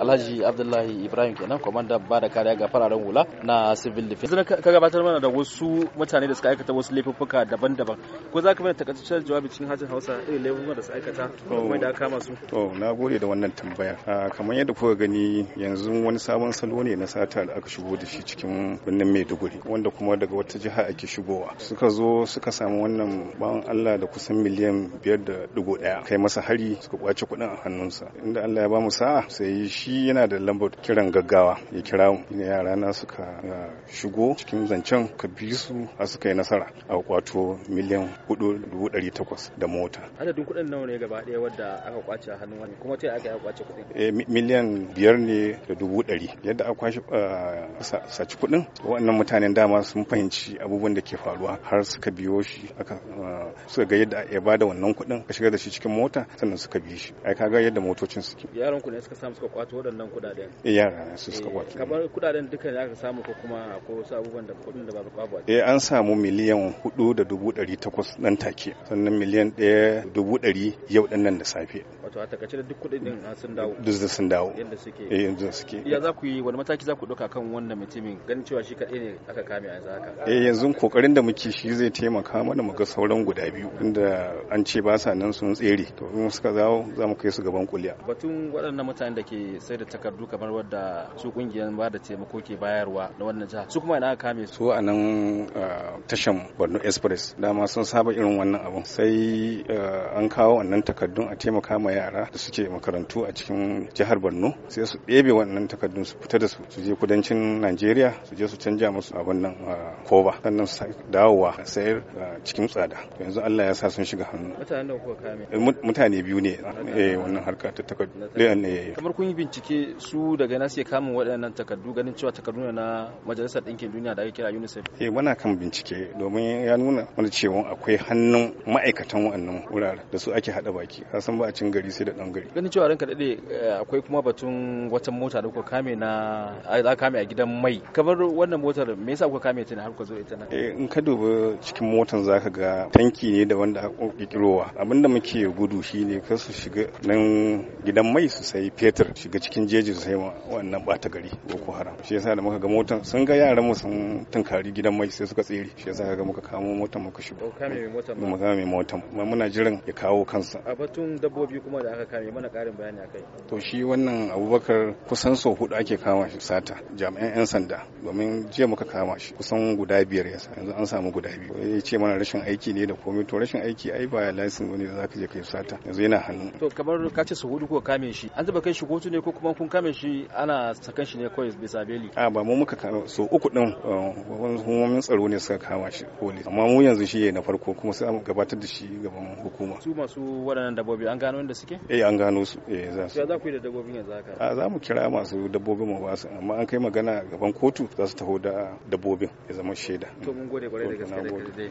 Alhaji Abdullahi Ibrahim kenan komanda ba da kariya ga fararen hula na civil defense. Yanzu ka gabatar mana da wasu mutane da suka aikata wasu laifuffuka daban-daban. Ko za ka mana takaitaccen jawabi cikin hajjin Hausa irin laifuffukan da suka aikata ko kuma da kama su? To, na gode da wannan tambaya. Ah, kamar yadda kuka gani yanzu wani sabon salo ne na sata da aka shigo da shi cikin birnin Maiduguri wanda kuma daga wata jiha ake shigowa. Suka zo suka samu wannan ban Allah da kusan miliyan biyar da dubu ɗaya kai masa hari suka kwace kuɗin a hannunsa. Inda Allah ya ba mu sa'a sai shi shi yana da lambar kiran gaggawa ya kira mu yara na suka ah, shigo cikin zancen ka bi su a suka yi nasara a kwato miliyan 4,800 dubu dari takwas da mota adadin kuɗin nawa ne gaba ɗaya wadda aka kwace a hannun wani kuma ta aka yi kwace kuɗin eh, miliyan biyar ne da dubu dari yadda aka kwashe ah, saci kuɗin Wannan mutanen dama sun fahimci abubuwan da ke faruwa har suka biyo shi aka ah, suka ga yadda ya bada wannan kuɗin ka shiga da shi cikin mota sannan suka bi shi ai kaga yadda motocin suke yaran ku ne suka samu suka kwato waɗannan kudaden eh, yara su suka eh, kwace kamar kudaden duka da aka samu ko kuma akwai wasu abubuwan da kudin da babu babu eh an samu miliyan hudu da dubu ɗari takwas nan take sannan miliyan ɗaya dubu ɗari yau ɗan nan da safe wato a takaice da duk kuɗin sun dawo duk sun dawo yadda suke eh yanzu suke ya za ku yi wani mataki za ku ɗauka kan wannan mutumin ganin cewa shi kaɗai ne aka kame a yanzu haka eh yanzu kokarin da muke shi zai taimaka mana mu ga sauran guda biyu inda an ce ba sa nan sun tsere to in suka dawo za mu kai su gaban kuliya batun waɗannan mutanen da ke sai da takardu kamar wadda su kungiyar ba da taimako ke bayarwa na wannan jiha su kuma ina aka kame su a nan tashan Borno Express dama sun saba irin wannan abun sai eh, an kawo wannan takardun a taimaka ma yara da suke makarantu a cikin jihar Borno sai su ɗebe wannan takardun su fita da su su je kudancin Najeriya su je su canja musu abin nan koba sannan su dawowa sayar cikin tsada yanzu Allah ya sa sun shiga hannu mutanen da kuka kame eh, mutane biyu ne eh wannan harka ta takardu eh, eh. kamar kun yi bincike su daga na sai kamun waɗannan takardu ganin cewa takardu na majalisar ɗinkin duniya da ake kira UNICEF eh muna kan bincike domin ya nuna mana cewa akwai hannun ma'aikatan waɗannan wurare da su ake haɗa baki kasan ba a cin gari sai da dan gari ganin cewa ranka dade eh, akwai kuma batun wata mota da kuka kame na za kame a gidan mai kamar wannan motar me yasa kuka kame ta ne har kuka zo ita nan eh in ka dubi cikin motan zaka ga tanki ne da wanda aka kikirowa abinda muke gudu shine ka su shiga nan gidan mai su sai fetur shiga cikin jeji su sai wannan bata gari boko haram shi yasa da muka ga motan sun ga yaran mu sun tunkari gidan mai sai suka tsere shi yasa ga muka kamo motan muka shigo kame motan. mu kame mu muna jiran ya kawo kansa a batun dabbobi kuma da aka kame mana karin bayani akai to shi wannan abubakar kusan so hudu ake kama shi sata jami'an yan sanda domin jiya muka kama shi kusan guda biyar ya yanzu an samu guda biyu ya ce mana rashin aiki ne da komai to rashin aiki ai ba ya lasin wani da zaka je kai sata yanzu yana hannu to kamar ka ce su hudu ko kame shi an zaba kai shi kotu ne ko kuma kun kame shi ana sakan shi ne kawai bisa beli a ba mu muka kame so uku din eh, hukumomin tsaro ne suka kama shi kole amma mu yanzu shi ne na farko kuma sai gabatar da shi gaban hukuma su masu waɗannan dabbobi an gano inda suke eh an gano su eh za su ya za ku yi da dabbobin yanzu haka a za mu kira masu dabbobin mu ba su amma an kai magana gaban kotu za su taho da dabbobin ya zama shaida to mun gode kwarai da gaske da kai